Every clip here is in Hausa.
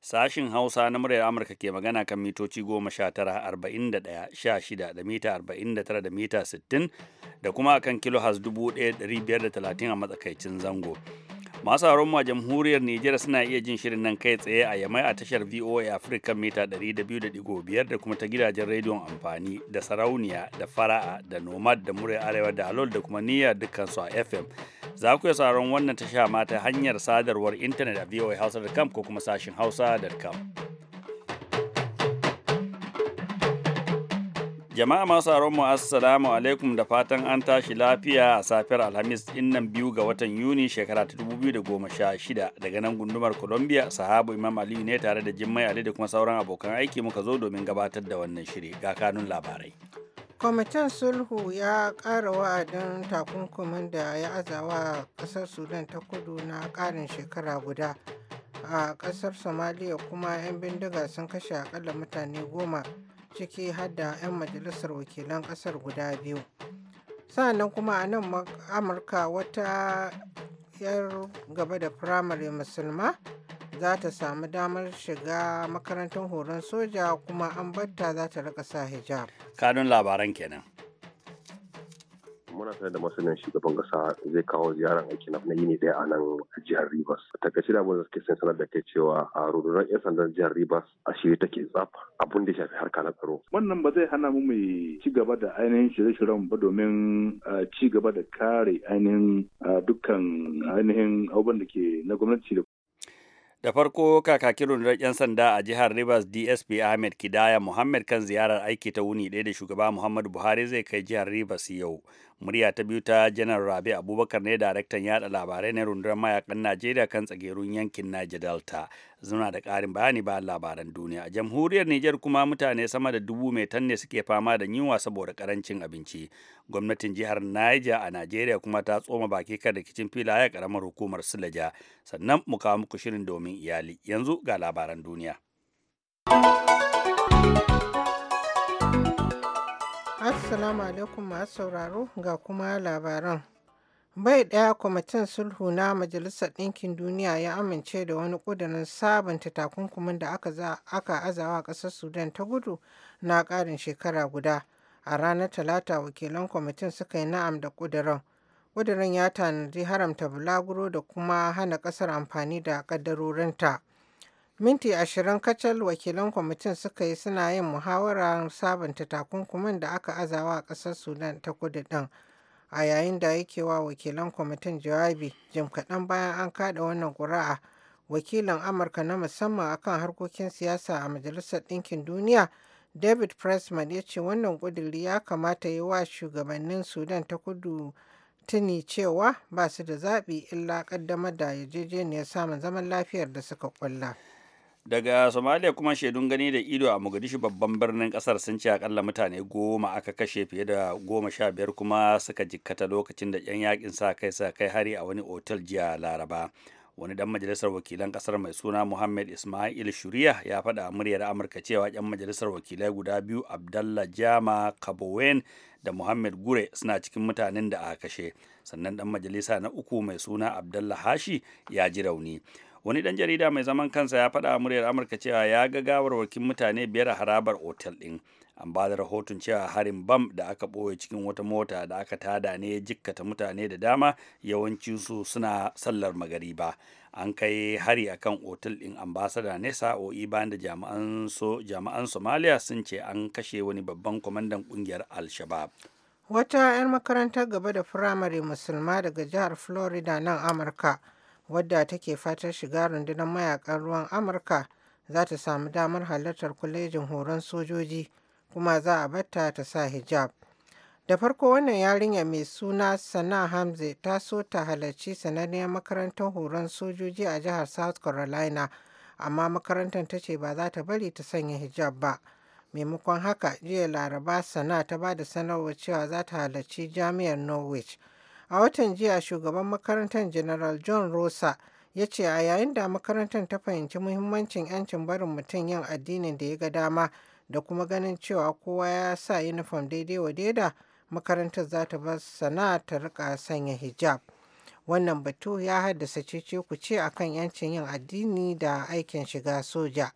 Sashin Hausa na muryar Amurka ke magana kan mitoci goma sha tara arba'in da ɗaya sha shida da mita arba'in da tara da mita sittin da kuma kan kilo dubu ɗaya ɗari biyar da talatin a matsakaicin zango. masu haron ma jamhuriyar Nijar suna iya jin shirin nan kai tsaye a yamai a tashar VOA Africa mita 200.5 da kuma ta gidajen rediyon amfani da sarauniya da fara'a da nomad da murai arewa da alol da kuma niyyar dukkansu a FM. Za ku iya sauraron wannan tasha ma ta hanyar sadarwar intanet a voahausa.com ko kuma sashin hausa.com. Jama'a masu mu assalamu alaikum da fatan an tashi lafiya a safiyar Alhamis nan biyu ga watan Yuni shekara ta 2016 daga nan gundumar Columbia sahabu Imam Aliyu ne tare da Jimmai Ali da kuma sauran abokan aiki muka zo domin gabatar da wannan shiri ga kanun labarai. Kwamitin sulhu ya ƙara wa'adin takunkumin da ya azawa ƙasar Sudan ta kudu na ƙarin shekara guda. A ƙasar somaliya kuma 'yan bindiga sun kashe akalla mutane goma ciki har da 'yan majalisar wakilan ƙasar guda biyu. Sa'annan kuma a nan Amurka wata 'yar gaba da firamare musulma za ta samu damar shiga makarantar horon soja kuma an batta za ta rika sa hijab. Kanun labaran kenan. muna sanar da masanin shugaban kasa zai kawo ziyarar aiki na yini daya a nan jihar Rivers. Takaice da abin suke sanar da kai cewa a rundunar 'yan sandan jihar Rivers a shirye take tsaf abin da shafi harka na tsaro. Wannan ba zai hana mu mai ci gaba da ainihin shirye-shiryen ba domin ci gaba da kare ainihin dukkan ainihin abubuwan da ke na gwamnati da da farko kakakin rundunar 'yan sanda a jihar rivers dsp ahmed kidaya muhammed kan ziyarar aiki ta wuni ɗaya da shugaba muhammadu buhari zai kai jihar rivers yau murya ta biyu ta janar rabi abubakar ne daraktan yada labarai na rundunar mayakan najeriya kan tsagerun yankin niger delta zuna da karin bayani bayan labaran duniya a jamhuriyar niger kuma mutane sama da dubu mai tanne suke fama da yunwa saboda karancin abinci gwamnatin jihar niger a najeriya kuma ta tsoma baki kan rikicin filaye karamar hukumar sulaja sannan mu kawo muku shirin domin iyali yanzu ga labaran duniya Assalamu alaikum masu sauraro ga kuma labaran. Bai ɗaya kwamitin sulhu na Majalisar Ɗinkin Duniya ya amince da wani ƙudurin sabunta takunkumin da aka azawa ƙasar Sudan ta gudu na ƙarin shekara guda. A ranar Talata wakilan kwamitin suka yi na'am da ƙudurin. Ƙudurin ya tanadi haramta bulaguro da kuma hana ƙasar amfani da ƙaddarorinta. Minti ashirin kacal wakilan kwamitin suka yi suna yin muhawarar sabunta takunkumin da aka azawa a ƙasar Sudan ta kudu ɗin. A yayin da yake wa wakilan kwamitin jawabi jim kaɗan bayan an kaɗa wannan ƙuri'a, wakilin Amurka na musamman a kan harkokin siyasa a Majalisar Ɗinkin Duniya, David Pressman ya ce wannan ƙudiri ya kamata yi wa shugabannin Sudan ta kudu tuni cewa ba su da zaɓi illa ƙaddamar da yarjejeniyar samun zaman lafiyar da suka ƙulla. daga somalia kuma shaidun gani da ido a mogadishu babban birnin kasar sun ce akalla mutane goma aka kashe fiye da goma sha biyar kuma suka jikkata lokacin da 'yan yakin sa kai sa kai hari a wani otal jiya laraba wani dan majalisar wakilan kasar mai suna muhammad ismail shuriya ya faɗa a muryar amurka cewa 'yan majalisar wakilai guda biyu abdallah jama kabowen da muhammad gure suna cikin mutanen da aka kashe sannan dan majalisa na uku mai suna abdallah hashi ya ji rauni wani dan jarida mai zaman kansa ya faɗa a muryar amurka cewa ya ga gawarwakin mutane biyar a harabar otel ɗin an ba da rahoton cewa harin bam da aka ɓoye cikin wata mota da aka tada ne jikkata mutane da dama yawanci su suna sallar magari ba an kai hari akan otel ɗin ambasada ne sa'o'i bayan da jami'an somalia sun ce an kashe wani babban kwamandan ƙungiyar al-shabab wata 'yan makarantar gaba da firamare musulma daga jihar florida nan amurka wadda take fatar shiga rundunar mayakan ruwan amurka za ta samu damar halartar kwalejin horon sojoji kuma za a batta ta sa hijab da farko wannan yarinya mai suna sana Hamza ta so ta halarci sananniyar makarantar horon sojoji a jihar south carolina amma makarantar ta ce ba za ta bari ta sanya hijab ba maimakon haka jiya laraba sana ta ba da sanarwar cewa za ta halarci jami'ar norwich A watan jiya shugaban makarantar General John Rosa ya ce a yayin da makarantar ta fahimci muhimmancin 'yancin barin mutum yin addinin da ya ga dama da kuma ganin cewa kowa ya sa yunifom daidai wa daida makarantar za ta bar sana'a ta rika sanya hijab. Wannan batu ya haddasa cece ku ce akan 'yancin yin addini da aikin shiga soja.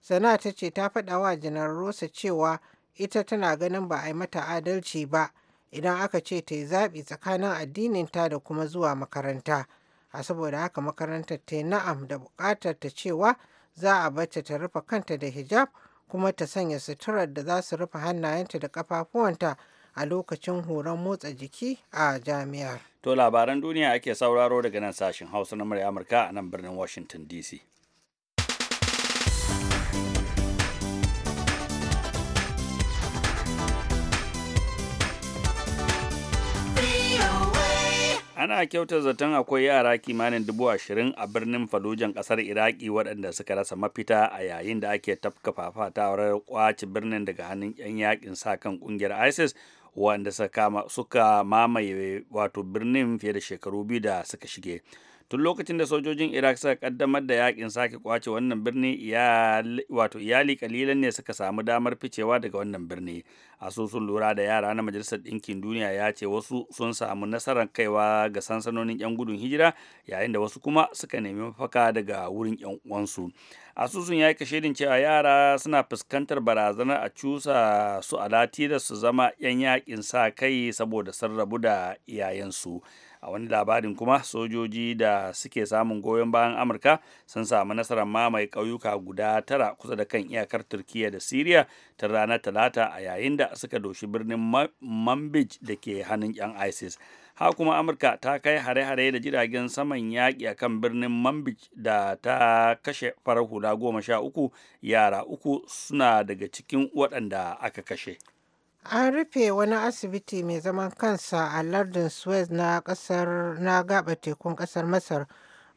Sana'a ta ce ta faɗa wa Janar Rosa cewa ita tana ganin ba a yi mata adalci ba idan aka ce ta yi zaɓi tsakanin addininta da kuma zuwa makaranta a saboda haka makarantar ta yi na'am da buƙatar ta cewa za a bata ta rufe kanta da hijab kuma ta sanya suturar da za su rufe hannayenta da kafafuwanta a lokacin horon motsa jiki a jami'ar. To labaran duniya ake sauraro daga nan sashen Hausa na murya Amurka a nan birnin Washington DC. ana kyauta zaton akwai yara kimanin dubu ashirin a birnin falujan kasar iraki waɗanda suka rasa mafita a yayin da ake tafka fafatawar kwaci birnin daga hannun 'yan yakin sa kan ƙungiyar isis wanda suka mamaye wato birnin fiye da shekaru biyu da suka shige tun lokacin da sojojin iraq suka kaddamar da yakin sake kwace wannan birni wato iyali kalilan ne suka samu damar ficewa daga wannan birni asusun lura da yara na majalisar ɗinkin duniya ya ce wasu sun samu nasarar kaiwa ga sansanonin yan gudun hijira yayin da wasu kuma suka nemi mafaka daga wurin yan uwansu asusun ya yi kashedin cewa yara suna fuskantar barazana a cusa su a da su zama yan yakin sa kai saboda sun rabu da iyayensu. su a wani labarin kuma sojoji da suke samun goyon bayan amurka sun samu nasarar mamaye ƙauyuka guda tara kusa da kan iyakar turkiya da siriya ta ranar talata a yayin da suka doshi birnin manbij da ke hannun 'yan isis ha kuma amurka ta kai hare-hare da jiragen saman yaƙi a kan birnin manbij da ta kashe farar hula goma sha uku yara uku suna daga cikin waɗanda aka kashe An rufe wani asibiti mai zaman kansa a lardin Suez na na gaba tekun kasar Masar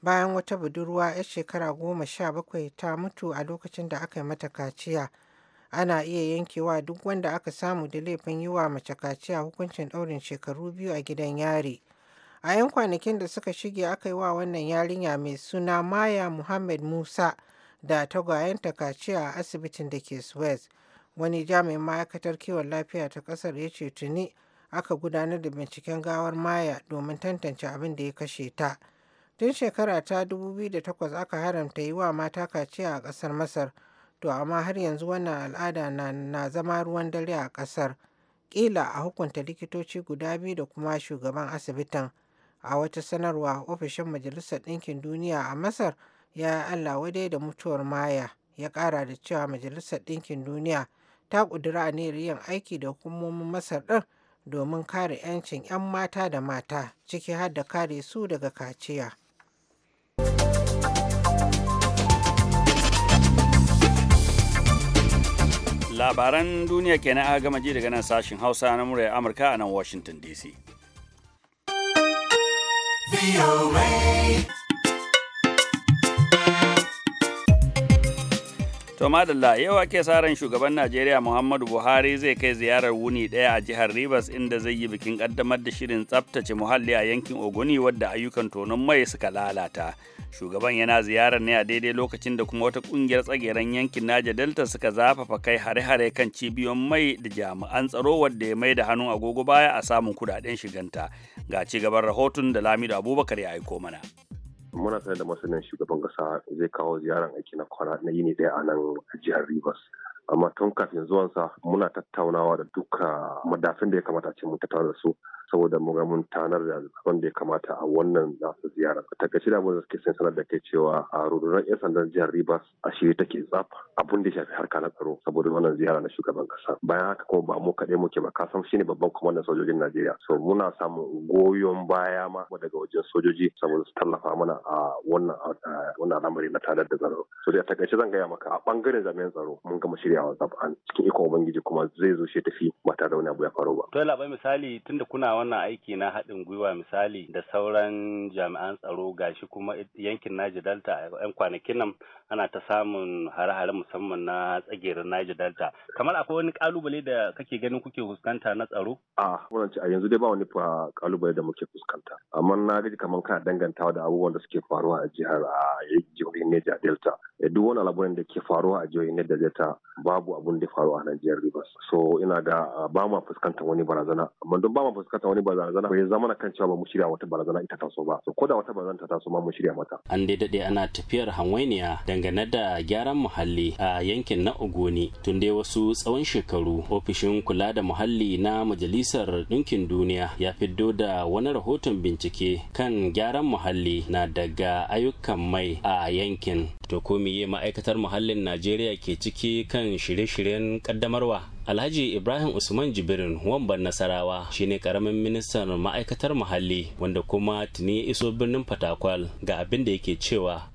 bayan wata budurwa 'yar shekara goma sha bakwai ta mutu a lokacin da aka yi mata kaciya. Ana iya yankewa duk wanda aka samu da laifin yi wa mace kaciya hukuncin daurin shekaru biyu a gidan yari. A 'yan kwanakin da suka shige aka yi wa wannan yarinya mai suna Maya Mohammed Musa da tagwayenta kaciya a asibitin da ke Suez. wani jami'in ma'aikatar kiwon lafiya ta kasar ya ce tuni aka gudanar da binciken gawar maya domin tantance abin da ya kashe ta tun shekara ta 2008 aka haramta yi wa mata kaciya a kasar masar to amma har yanzu wannan al'ada na, na zama ruwan dare a kasar kila a hukunta likitoci guda biyu da kuma shugaban asibitin a wata sanarwa ofishin majalisar ɗinkin duniya a masar ya allah wadai da mutuwar maya ya kara da cewa majalisar ɗinkin duniya ta ƙudiri aniyar yin aiki da hukumomin Masar ɗin domin kare 'yancin 'yan mata da mata ciki har da kare su daga kaciya. Labaran duniya kenan aka gama ji daga nan sashen Hausa na muryar Amurka a nan Washington DC. To da yau ake sa ran shugaban Najeriya Muhammadu Buhari zai kai ziyarar wuni ɗaya a jihar Rivers inda zai yi bikin ƙaddamar da shirin tsaftace muhalli a yankin oguni wadda ayyukan tonon mai suka lalata. Shugaban yana ziyarar ne a daidai lokacin da kuma wata ƙungiyar tsageren yankin Naja Delta suka zafafa kai hare-hare kan cibiyoyin mai da jami'an tsaro wadda ya mai da hannun agogo baya a samun kudaden shiganta. Ga ci gaban rahoton da Lamido Abubakar ya aiko mana. muna sanar da masanin shugaban kasa zai kawo ziyaran aiki na kwana na yini daya a nan jihar Rivers amma tun kafin zuwansa muna tattaunawa da duka madafin da ya kamata ce mun tattauna da su saboda mu ga mun tanar da abin da ya kamata a wannan nasu ziyara ta gaci da mun suke sun sanar da kai cewa a rundunar yan sandan jihar Rivers a shirye take tsaf abun da ya shafi harka na tsaro saboda wannan ziyara na shugaban kasa bayan haka kuma ba mu kaɗai muke ba kasan shine babban kwamandan sojojin Najeriya so muna samun goyon baya ma daga wajen sojoji saboda su tallafa mana a wannan wannan al'amari na tanar da tsaro so da ta gaci zan gaya maka a bangaren jami'an tsaro mun gama shirye shiryawa an cikin ikon ubangiji kuma zai zo shi tafi ba tare da wani abu ya faru ba. to bai misali tunda kuna wannan aiki na haɗin gwiwa misali da sauran jami'an tsaro gashi kuma yankin naji Delta yan kwanakin nan ana ta samun hare-hare musamman na tsagerin naji Delta kamar akwai wani kalubale da kake ganin kuke fuskanta na tsaro? a wannan a yanzu dai ba wani kalubale da muke fuskanta amma na gaji kamar kana dangantawa da abubuwan da suke faruwa a jihar a jihohin Niger Delta eh, duk wani labarin da ke faruwa a jihohin Delta babu abun da faru a Najeriya Rivers. So ina da ah, ba ma fuskantar wani barazana. Amma don ba ma fuskantar wani barazana bai zama na kan cewa ba mu shirya wata barazana ita taso ba. So ko da wata barazana ta taso ma mu shirya mata. An dai dade ana tafiyar hanwainiya dangane da gyaran muhalli a yankin na Ogoni tun dai wasu tsawon shekaru ofishin kula da muhalli na majalisar ɗinkin duniya ya fiddo da wani rahoton bincike kan gyaran muhalli na daga ayyukan mai a yankin. to ko meye ma'aikatar muhallin najeriya ke ciki kan shirye-shiryen kaddamarwa alhaji ibrahim usman jibirin wamban nasarawa shine karamin ministan ma'aikatar muhalli wanda kuma tuni ya iso birnin fatakwal ga abin da yake cewa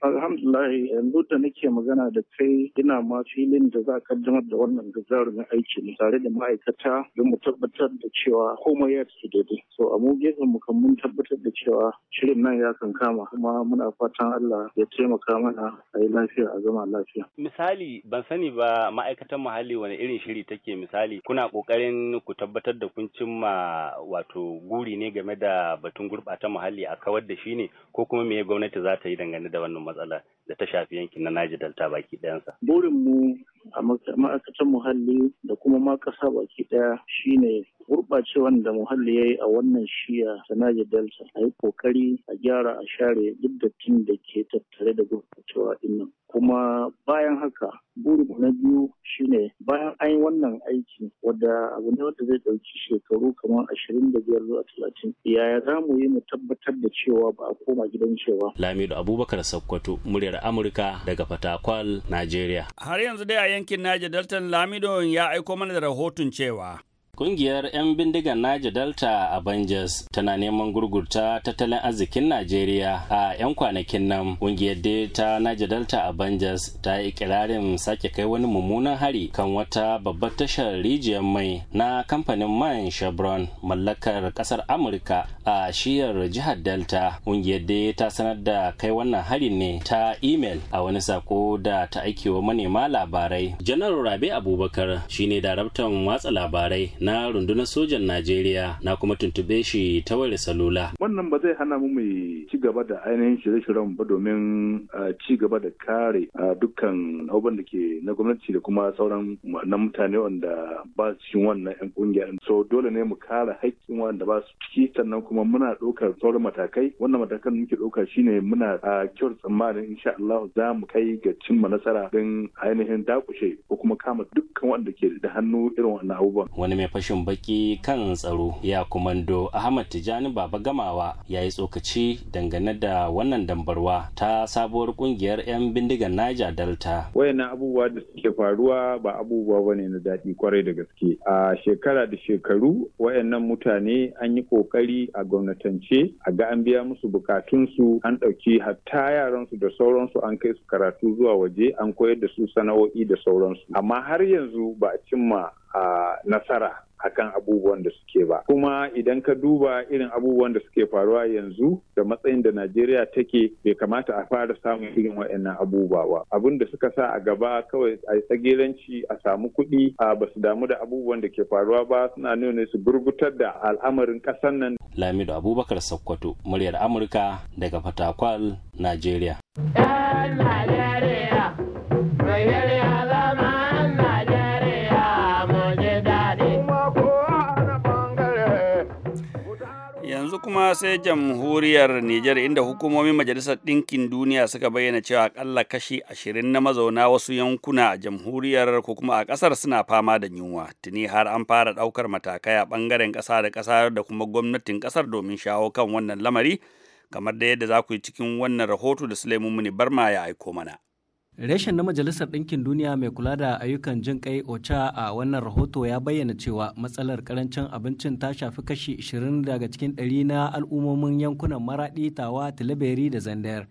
alhamdulahi yanzu da nake magana da kai ina ma filin da za a kaddamar da wannan gagarumin aiki ne tare da ma'aikata don mu tabbatar da cewa komai ya su daidai. So a mu gefen mu kan mun tabbatar da cewa shirin nan ya kan kama kuma muna fatan Allah ya taimaka mana a yi lafiya a zama lafiya. Misali ban sani ba ma'aikatan muhalli wani irin shiri take misali kuna kokarin ku tabbatar da kun cimma wato guri ne game da batun gurɓata muhalli a kawar da shi ne ko kuma me gwamnati za ta yi dangane da wannan matsala. matsala da ta shafi yankin na Niger Delta baki ɗayansa. Burin mu a ma'aikatan muhalli da kuma ma ƙasa baki ɗaya shine gurɓacewan da muhalli ya yi a wannan shiya ta Niger Delta a yi ƙoƙari a gyara a share duk dattin da ke tattare da gurɓacewa innan. kuma bayan haka burinmu na biyu shine bayan an yi wannan aiki wadda abu ne wanda zai ɗauki shekaru kamar ashirin da biyar zuwa talatin yaya za mu yi mu tabbatar da cewa ba a koma gidan cewa lamido abubakar sakkwato muryar amurka daga fatakwal najeriya har yanzu dai yankin Naja Deltan Lamido ya aiko mana da rahoton cewa. Kungiyar 'yan bindigan Naja Delta Avengers tana neman gurgurta tattalin arzikin Najeriya a 'yan kwanakin nan. Kungiyar ta Naja Delta Avengers ta yi kirarin sake kai wani mummunan hari kan wata babbar tashar rijiyar mai na kamfanin man Chevron mallakar kasar Amurka a shiyar jihar Delta. Kungiyar ta sanar da kai wannan hari ne ta email a wani sako da ta aikewa manema labarai. Janar Rabe Abubakar shine daraktan watsa labarai na na rundunar sojan Najeriya na kuma tuntube shi ta wayar salula. Wannan ba zai hana mu mu ci gaba da ainihin shirye-shiryen ba domin ci gaba da kare dukkan abubuwan da ke na gwamnati da kuma sauran na mutane wanda ba su cikin wannan 'yan kungiya. So dole ne mu kare haƙƙin wanda ba su ciki sannan kuma muna ɗaukar sauran matakai. Wannan matakan muke ɗauka shine muna a kyau tsammanin insha Allah za mu kai ga cimma nasara don ainihin dakushe ko kuma kama dukkan wanda ke da hannu irin wannan abubuwan. fashin baki kan tsaro ya kumando ahmad tijani baba gamawa ya yi tsokaci dangane da wannan dambarwa ta sabuwar kungiyar 'yan bindigan niger delta wayannan abubuwa da suke faruwa ba abubuwa ba ne na daɗi kwarai da gaske a shekara da shekaru wayannan mutane an yi kokari a gwamnatance a ga an biya musu bukatunsu an ɗauki hatta yaransu da sauransu an kai su karatu zuwa waje an koyar da su sana'o'i da sauransu amma har yanzu ba a cimma a nasara a kan abubuwan da suke ba kuma idan ka duba irin abubuwan da suke faruwa yanzu da matsayin da najeriya take bai kamata a fara samun irin waɗannan abubuwa ba abin da suka sa a gaba kawai a yi tsageranci a samu kuɗi a ba su damu da abubuwan da ke faruwa ba suna nuna su burgutar da al'amarin ƙasar nan lamido abubakar sokoto muryar amurka daga fatakwal najeriya kuma sai jamhuriyar Nijar inda hukumomin Majalisar Ɗinkin Duniya suka bayyana cewa akalla kashi ashirin na mazauna wasu yankuna a jamhuriyar ko kuma a ƙasar suna fama da yunwa. Tuni har an fara ɗaukar matakai a ɓangaren ƙasa da ƙasa da kuma gwamnatin ƙasar domin shawo kan wannan lamari, kamar da yadda za ku yi cikin wannan rahoto da Suleiman Muni Barma ya aiko mana. Reshen na Majalisar Ɗinkin Duniya mai kula da ayyukan jin kai OCHA a wannan rahoto ya bayyana cewa matsalar karancin abincin ta shafi kashi 20 daga cikin ɗari na al'ummomin yankunan Maraɗi, Tawa, Tilaberi da Zandayar.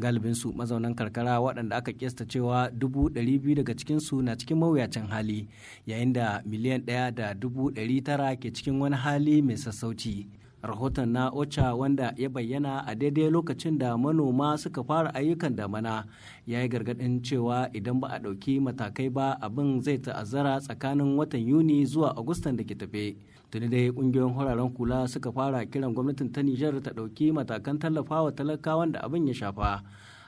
galibinsu mazaunan karkara waɗanda aka kesta cewa dubu ɗari daga cikin na cikin mawuyacin hali, yayin da miliyan ɗaya da dubu ke cikin wani hali mai sassauci. rahoton na ocha wanda ya bayyana a daidai lokacin da manoma suka fara ayyukan damana ya yi gargaɗin cewa idan ba a ɗauki matakai ba abin zai ta'azzara tsakanin watan yuni zuwa agustan da ke tafe tuni dai ƙungiyoyin hararen kula suka fara kiran gwamnatin ta nijar ta ɗauki matakan tallafawa talakawan da abin ya shafa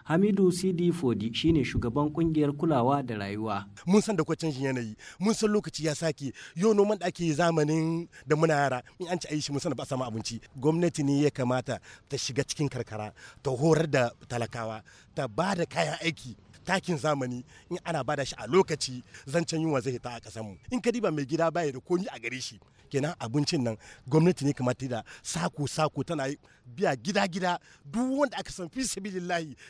Hamidu CD Fodi shine shugaban kungiyar kulawa da rayuwa. Mun san da canjin yanayi, mun san lokaci ya sake, yau noman da ake zamanin da muna yara, in an ci a yi shi mun san da ba samu abinci. Gwamnati ne ya kamata ta shiga cikin karkara, ta horar da talakawa, ta ba da kayan aiki takin zamani in ana ba da shi a lokaci zancen yunwa zai hita a ƙasar mu in ka diba mai gida baya da komi a gare shi kenan abincin nan gwamnati ne kamata da sako sako tana biya gida gida duk wanda aka san fi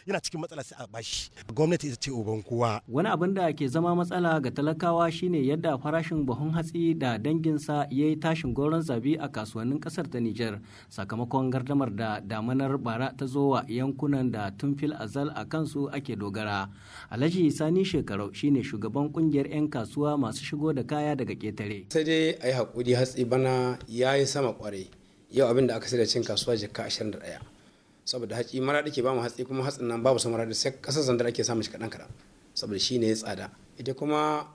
yana cikin matsala sai a bashi gwamnati ita ce uban kowa wani abin da ke zama matsala ga talakawa shine yadda farashin buhun hatsi da danginsa ya yi tashin goron zabi a kasuwannin kasar ta Nijar sakamakon gardamar da damanar bara ta zo wa yankunan da tun fil azal a kansu ake dogara Alhaji Sani Shekarau shine shugaban kungiyar 'yan kasuwa masu shigo da kaya daga ketare. Sai dai a yi haƙuri hatsi bana ya yi sama kwarai yau abin da aka sai da cin kasuwa jikka 21 saboda haƙi mara da ke ba hatsi kuma hatsin nan babu samara da sai kasar zandar ake samun shi kaɗan kaɗan saboda shi ne ya tsada ita kuma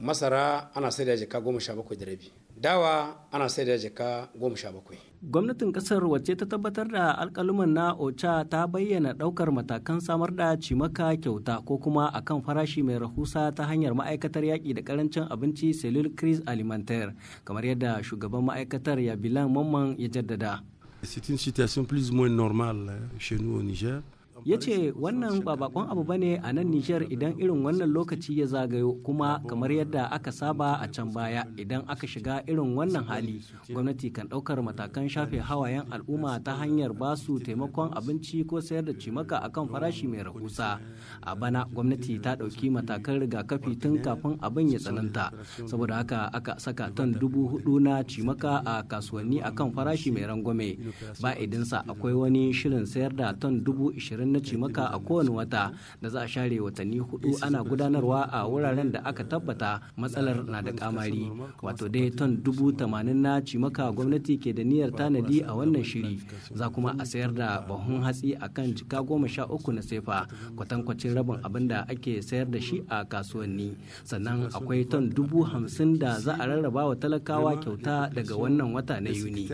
masara ana sai da jika goma sha bakwai da rabi dawa ana sai da jaka goma sha bakwai gwamnatin kasar wacce ta tabbatar da alkaluman na ocha ta bayyana daukar matakan samar da cimaka kyauta ko kuma akan farashi mai rahusa ta hanyar ma'aikatar yaƙi da karancin abinci selul cris alimentar kamar yadda shugaban ma'aikatar ya bilan mamman ya jaddada C'est une situation plus ou moins normale chez nous au Niger. ya ce wannan ba bakon abu bane a nan nijar idan irin wannan lokaci ya zagayo kuma kamar yadda aka saba a can baya idan aka shiga irin wannan hali gwamnati kan ɗaukar matakan shafe hawayen al'umma ta hanyar basu taimakon abinci ko sayar da cimaka akan farashi mai rahusa a bana gwamnati ta ɗauki matakan rigakafi tun kafin abin ya tsananta saboda haka aka saka ton dubu hudu na cimaka a kasuwanni akan farashi mai rangwame ba idinsa akwai wani shirin sayar da tan dubu ishirin gwamnati maka a kowane wata da za a share watanni hudu ana gudanarwa a wuraren da aka tabbata matsalar na da kamari wato dai ton dubu tamanin na cimaka gwamnati ke da niyyar tanadi a wannan shiri za kuma a sayar da bahun hatsi a kan jika goma sha uku na sefa kwatankwacin rabin abin da ake sayar da shi a kasuwanni sannan akwai ton dubu hamsin da za a rarraba wa talakawa kyauta daga wannan wata na yuni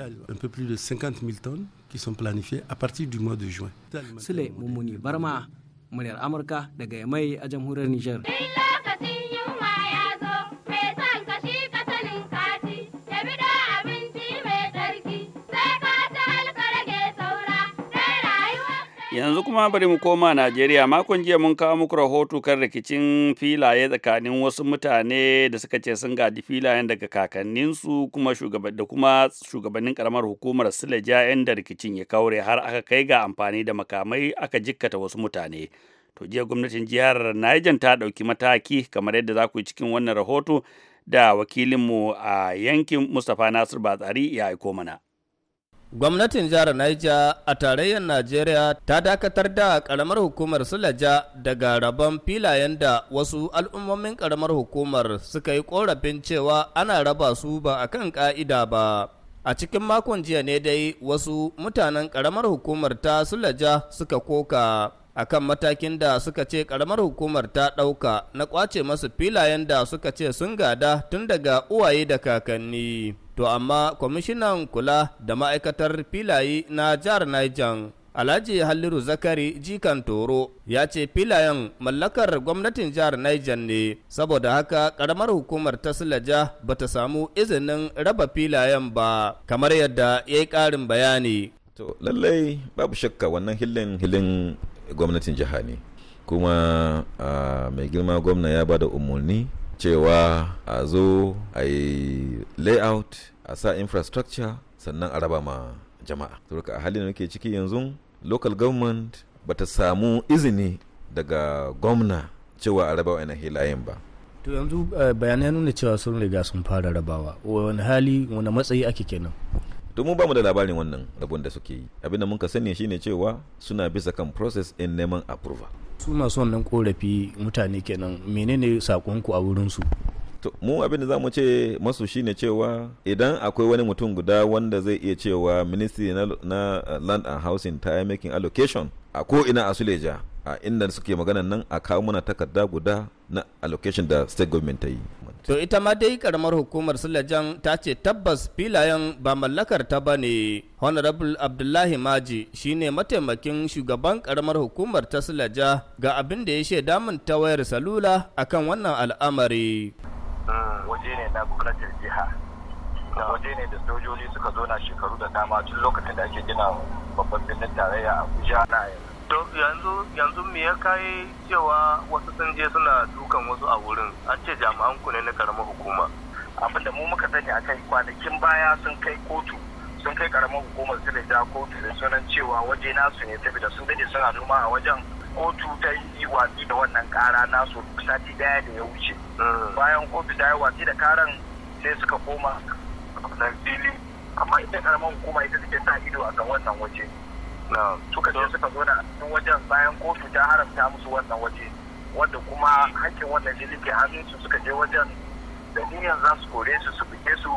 sont planifiés à partir du mois de juin. yanzu kuma bari mu koma Najeriya makon jiya mun kawo muku rahoto kan rikicin filaye tsakanin wasu mutane da suka ce sun gadi filayen daga kakanninsu kuma da kuma shugabannin karamar hukumar Sileja da rikicin ya kaure har aka kai ga amfani da makamai aka jikkata wasu mutane. To jiya gwamnatin jihar Niger ta ɗauki mataki kamar yadda za ku yi cikin wannan rahoto da wakilinmu a yankin Mustapha Nasir Batsari ya aiko mana. Gwamnatin jihar Niger a tarayyar Najeriya ta dakatar da karamar hukumar Sulaja daga rabon filayen da wasu al'ummomin karamar hukumar suka yi korafin cewa ana raba su ba a kan ka'ida ba. A cikin makon jiya ne dai wasu mutanen karamar hukumar ta Sulaja suka koka. akan matakin da suka ce karamar hukumar ta ɗauka na kwace masu filayen da suka ce sun gada tun daga uwaye da kakanni. To amma kwamishinan kula da ma'aikatar filaye na jihar Niger Alhaji Halliru Zakari Jikan Toro ya ce filayen mallakar gwamnatin jihar Niger ne, saboda haka karamar hukumar ta Silaja ba ta samu izinin raba filayen ba, kamar yadda ya yi ƙarin bayani. To lallai babu shakka wannan hilin hilin gwamnatin jiha ne kuma mai girma gwamna ya bada umarni cewa a zo a yi layout a sa infrastructure sannan a raba ma jama'a turka a halin da muke ciki yanzu local government bata samu izini daga gwamna cewa a raba wa layin ba to yanzu eh, bayanai nuna cewa sun riga sun fara rabawa wani hali wani matsayi ake kenan to mu bamu da labarin wannan rabon da suke yi abin da muka sani shine cewa suna bisa kan process in neman approval su masu wannan korafi mutane kenan menene sakon ku a wurin su to mu abin da zamu ce masu shine cewa idan akwai wani mutum guda wanda zai iya cewa ministry na, na uh, land and housing ta making allocation a ko ina a suleja a inda suke magana nan a kawo mana takarda guda na allocation da state government ta yi to ita ma dai karamar hukumar sulajan ta ce tabbas filayen ba mallakar ta ba ne honorable abdullahi maji shine mataimakin shugaban karamar hukumar ta sulaja ga abin da ya shaida min ta wayar salula akan wannan al'amari ah, waje ne na gwamnatin jiha waje ne da sojoji suka zo na shekaru da dama tun lokacin da ake gina babban birnin tarayya abuja na yanzu to yanzu yanzu me ya kai cewa wasu sun je suna dukan wasu a wurin an ce jami'an ku ne na karamar hukuma abin da mu muka sani a kai kwanakin baya sun kai kotu sun kai karamar hukumar su da kotu da sunan cewa waje nasu ne da sun dade suna noma a wajen kotu ta yi watsi da wannan kara nasu sati daya da ya wuce hmm. bayan kotu ta yi watsi da karan sai suka koma na fili amma ita karamar hukuma ita take ta ido a kan wannan waje suka je suka zo da cikin wajen bayan kotu ta haramta musu wannan waje wanda kuma hakkin wannan jini ke hannunsu suka je wajen da niyan za su kore su su buge su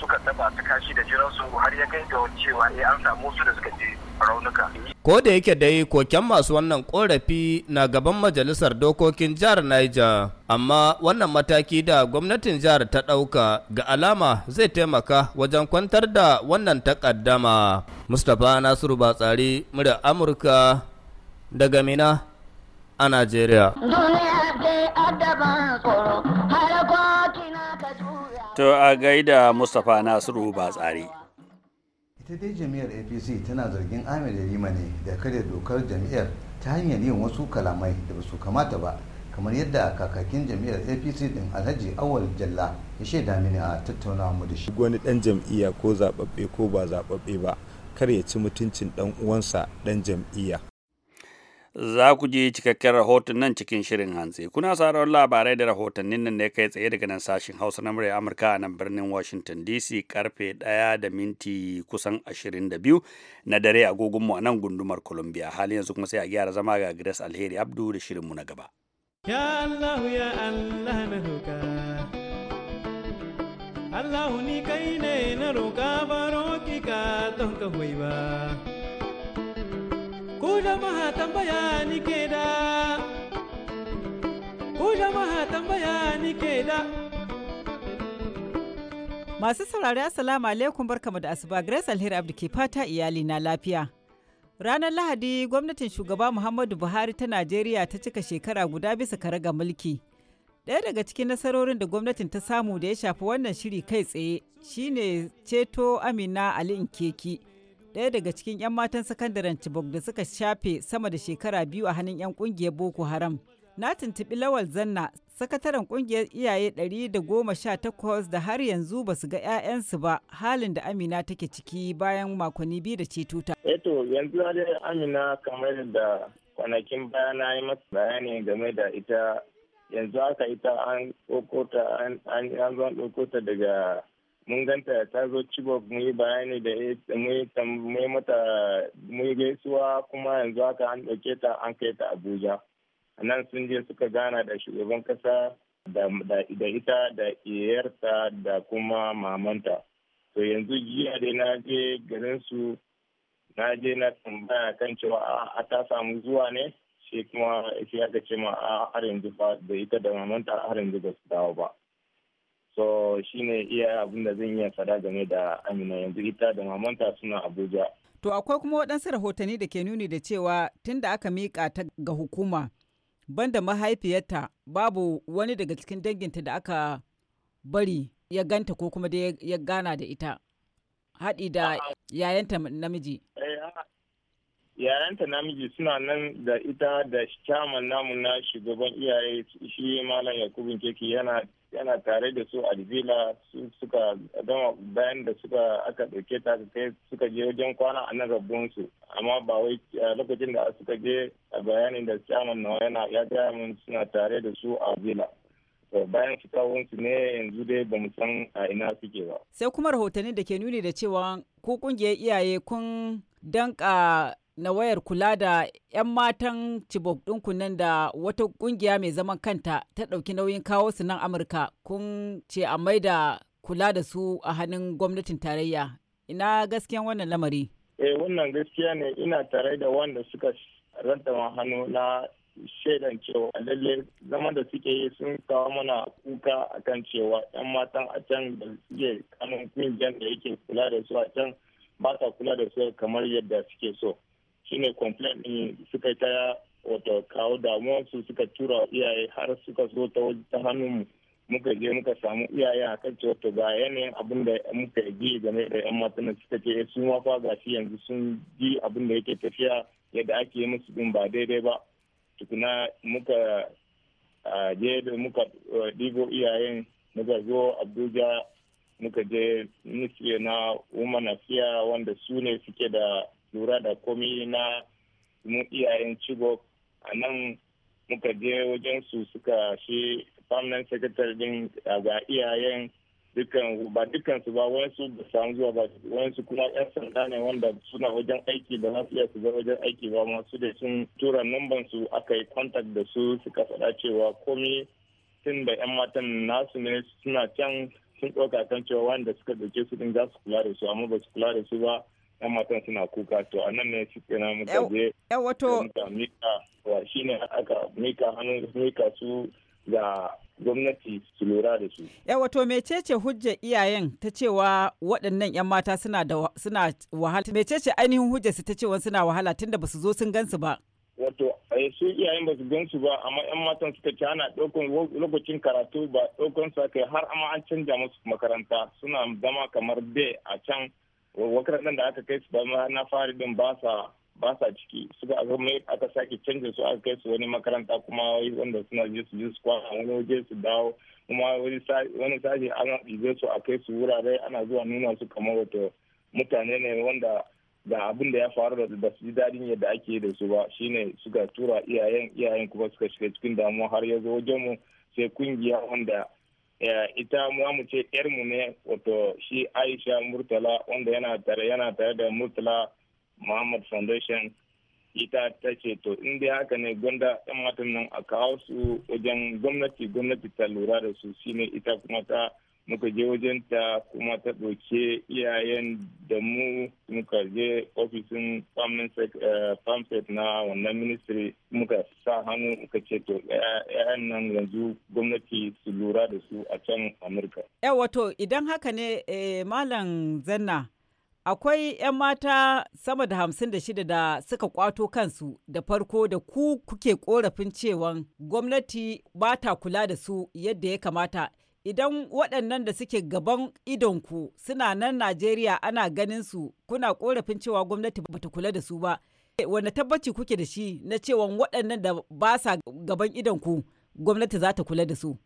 suka taba su kashi da jiransu har ya kai ga cewa eh an samu su da suka je raunuka. Ko da yake dai koken masu wannan korafi na gaban majalisar dokokin jihar Niger, amma wannan mataki da gwamnatin jihar ta ɗauka ga alama zai taimaka wajen kwantar da wannan takaddama. Mustapha Nasiru Batsari, murya Amurka daga Mina a Najeriya. To a gaida Mustapha Nasiru Batsari. ita dai jami'ar apc tana zargin ahmed yarima ne da karya dokar jami'ar ta hanyar yin wasu kalamai da basu kamata ba kamar yadda kakakin jami'ar apc din alhaji awal jalla ya shaida mini a tattauna mu da shi wani dan jam'iyya ko zababbe ko ba zababbe ba kar ya ci mutuncin dan uwansa dan jam'iyya za ku ji cikakken rahoton nan cikin shirin hantsi kuna sauraron labarai da rahotannin nan ne kai tsaye daga nan sashen hausa na murya amurka a nan birnin washington dc karfe 1 da minti kusan 22 na dare agogonmu a nan gundumar columbia halin yanzu kuma sai a gyara zama ga grace alheri abdu da shirinmu na gaba ya allah ya allah na roka allah ni kai ne na roka baro ki ka don ka ba masu saurari assalamu alaikum barkamu da asuba grace alheri abdu ke fata iyali na lafiya ranar lahadi gwamnatin shugaba muhammadu buhari ta najeriya ta cika shekara guda bisa kare ga mulki Ɗaya daga cikin nasarorin da gwamnatin ta samu da ya shafi wannan shiri kai tsaye shine ceto Amina Ali Nkeki ɗaya daga cikin 'yan matan sakandaren Chibok da suka shafe sama da shekara biyu a hannun 'yan ƙungiyar Boko Haram. Na tuntuɓi Lawal Zanna, sakataren ƙungiyar iyaye 118 da har yanzu ba su ga 'ya'yansu ba halin da Amina take ciki bayan makonni biyu da ceto Eto eh yanzu Amina kamar da kwanakin baya na yi masa bayani game da ita yanzu aka ita an ɗauko ta an ɗauko ta daga mun ganta ta zo Chibok mun yi bayani da mun yi mata gaisuwa kuma yanzu haka an ɗauke ta an kai ta Abuja. nan sun je suka gana da shugaban kasa da ita da iyarta da kuma mamanta. To yanzu jiya dai na je garin su na je na tambaya kan cewa a ta samu zuwa ne shi kuma shi aka ce ma har yanzu ba da ita da mamanta har yanzu ba su dawo ba. so shine iya abin da zan iya fada game da amina yanzu ita da mamanta suna abuja to akwai kuma waɗansu rahotanni da ke nuni da cewa tun da aka miƙa ta ga hukuma banda mahaifiyarta babu wani daga cikin danginta da aka bari ya ganta ko kuma da ya gana da ita haɗi da yayanta namiji eh, yayanta namiji suna nan da ita da shaman namu na shugaban iyaye shi malam yakubin keke yana yana tare da su aljila suka gama bayan da suka aka ɗauke ta kai suka je wajen kwana a nan amma ba wai lokacin da suka je a bayanin da chairman na yana ya gaya mun suna tare da su a bayan to bayan su ne yanzu dai ba mu san a ina suke ba sai kuma rahotanni da ke nuni da cewa ko kungiyar iyaye kun danka na wayar kula da 'yan matan cibok ɗinku nan da wata ƙungiya mai zaman kanta ta ɗauki nauyin kawo su nan Amurka kun ce a da kula da su a hannun gwamnatin tarayya. Ina gaskiyan wannan lamari? Eh wannan gaskiya ne ina tare da wanda suka rantama hannu na shaidan cewa a lalle zaman da suke yi sun kawo mana kuka akan cewa 'yan matan a can da suke kanun kungiyar da yake kula da su a can ba ta kula da su kamar yadda suke so. shine complain din suka ta wato kawo damuwarsu suka tura iyaye har suka zo ta hannunmu muka je muka samu iyaye a kan cewa ga yanayin abin da muka ji game da yan matan suka ce eh, su ma fa yanzu sun ji abin da yake tafiya yadda ake musu din ba daidai ba tukuna muka je da muka digo iyayen muka zo abuja muka je ministry na woman affairs wanda su ne suke da lura da komi na mu iyayen cigo a nan muka je wajen su suka shi permanent secretary din ga iyayen dukan ba dukan su ba wani da samu zuwa ba su kuma yan sanda ne wanda suna wajen aiki da za su iya su wajen aiki ba masu da sun tura numban su aka yi contact da su suka faɗa cewa komi tun da yan matan nasu ne suna can sun ɗauka kan cewa wanda suka ɗauke su din za su kula da su amma ba su kula da su ba yan matan suna kuka to a nan ne suke na muka je wato mika wa shine aka mika hannun mika su ga gwamnati su lura da su. wato mecece hujja iyayen ta cewa waɗannan 'yan mata suna da suna wahala mecece ainihin hujja su ta cewa suna wahala tunda ba su zo sun gansu ba. Wato eh, su iyayen ba su gansu ba amma 'yan matan suka ci ana ɗaukan lokacin karatu ba ɗaukan su aka har amma an canja musu makaranta suna zama kamar bai a can wakarantar da aka kai su ba na fari din ba sa ciki suka aka mai aka sake canza su aka kai su wani makaranta kuma wanda suna je su je su kwana wani waje su dawo kuma wani sashi ana ɗibe su a kai su wurare ana zuwa nuna su kamar wato mutane ne wanda ga abin da ya faru da ba su ji daɗin yadda ake da su ba shine suka tura iyayen iyayen kuma suka shiga cikin damuwa har ya zo wajen mu sai kungiya wanda Eh, ita mu mu ce mu ne wato shi aisha murtala wanda yana tare yana tare da murtala muhammad foundation ita ta ce to in dai haka ne gwanda yan matan nan a kawo su wajen gwamnati gwamnati ta lura da su shine ita kuma ta muka je wajen ta kuma ta ɗauke iyayen da mu muka je ofishin farmset eh, na wannan ministry muka sa hannu muka ce to eh, yayan nan yanzu gwamnati su lura da su a can amurka wato idan haka ne eh, malam zanna akwai 'yan mata sama da hamsin da shida da suka kwato kansu da farko da ku kuke korafin cewa gwamnati ba ta kula da su yadda ya kamata idan waɗannan da suke gaban idonku suna nan Najeriya ana ganin su kuna korafin cewa gwamnati bata kula da su ba. Wane tabbaci kuke da shi na cewa waɗannan da ba sa gaban idonku gwamnati za ta kula da su?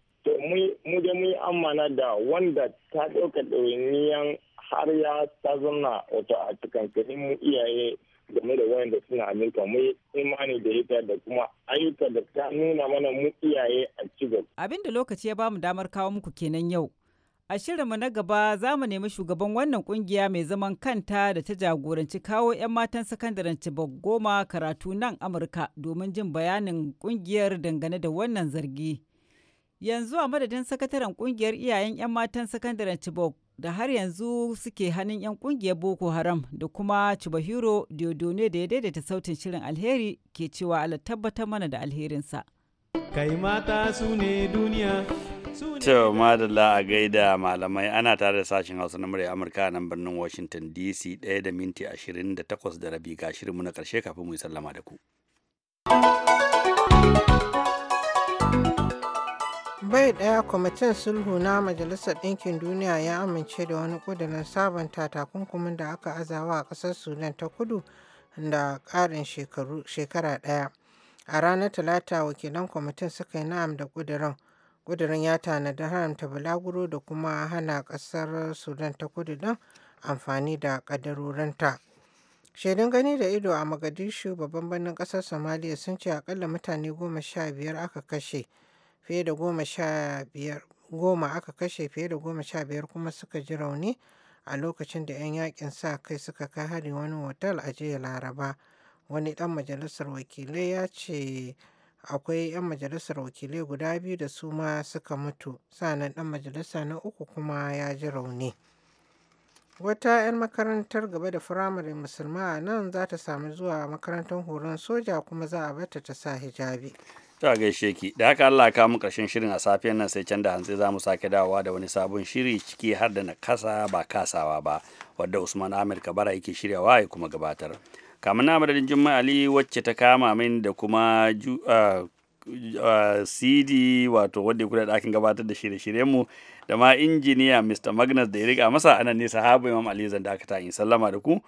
Mu da mu amana da wanda ta ɗauka ɗawainiyan har ya ta zama wato a cikin mu iyaye game da wayanda suna amurka mai imani da ita da kuma ayyuka da ta nuna mana mu iyaye a cigaba. abin da lokaci ya bamu damar kawo muku kenan yau a shirinmu na gaba za mu nemi shugaban wannan kungiya mai zaman kanta da ta jagoranci kawo 'yan matan sakandaren cibok goma karatu nan amurka domin jin bayanin kungiyar dangane da wannan zargi yanzu a madadin sakataren kungiyar iyayen 'yan matan sakandaren cibok da har yanzu suke hannun 'yan kungiyar Boko Haram da kuma Chubahiro Diodone da ya daidaita sautin shirin alheri ke cewa Allah tabbatar mana da alherinsa. Kai mata su ne duniya. To madalla a gaida malamai ana tare da sashen Hausa na murya Amurka nan birnin Washington DC ɗaya da minti 28 da rabi ga shirinmu na karshe kafin mu yi sallama da ku. bai ɗaya kwamitin sulhu na majalisar ɗinkin duniya ya amince da wani ƙudurin sabanta takunkumin da aka azawa a ƙasar sudan ta kudu da ƙarin shekara ɗaya a ranar talata wakilan kwamitin suka yi na'am da ƙudurin ƙudurin ya tanada haramta bulaguro da kuma hana ƙasar sudan ta kudu don amfani da ƙadarorinta shaidun gani da ido a magadishu babban birnin ƙasar somaliya sun ce akalla mutane goma sha biyar aka kashe fiye da goma sha biyar goma aka kashe fiye da goma sha biyar kuma suka ji rauni a lokacin da 'yan yakin sa kai suka kai hari wani otal a jiya laraba wani dan majalisar wakilai ya ce akwai 'yan majalisar wakilai guda biyu da su ma suka mutu sanan dan majalisa na uku kuma ya ji rauni wata 'yan makarantar gaba da firamare musulma a nan za ta sami zuwa makarantar horon soja kuma za a bata ta sa hijabi ta gaishe ki da haka Allah ka mu karshen shirin a safiyan nan sai can da hantsi za mu sake dawowa da wani sabon shiri ciki har da na kasa ba kasawa ba wadda Usman ka Kabara yake shiryawa ya kuma gabatar kamar na madadin Jummai Ali wacce ta kama min da kuma CD wato wadda ya kula da ɗakin gabatar da shirye-shiryenmu da ma injiniya Mr. Magnus da ya riga masa anan ne sahabu Imam Ali zan dakata in sallama da ku